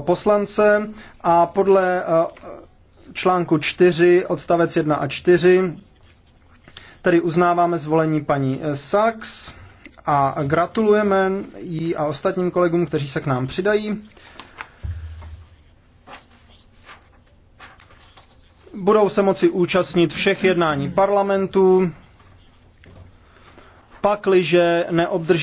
poslance a podle eh, článku 4 odstavec 1 a 4 tedy uznáváme zvolení paní eh, Sachs a gratulujeme jí a ostatním kolegům, kteří se k nám přidají. Budou se moci účastnit všech jednání parlamentu, pakliže neobdrží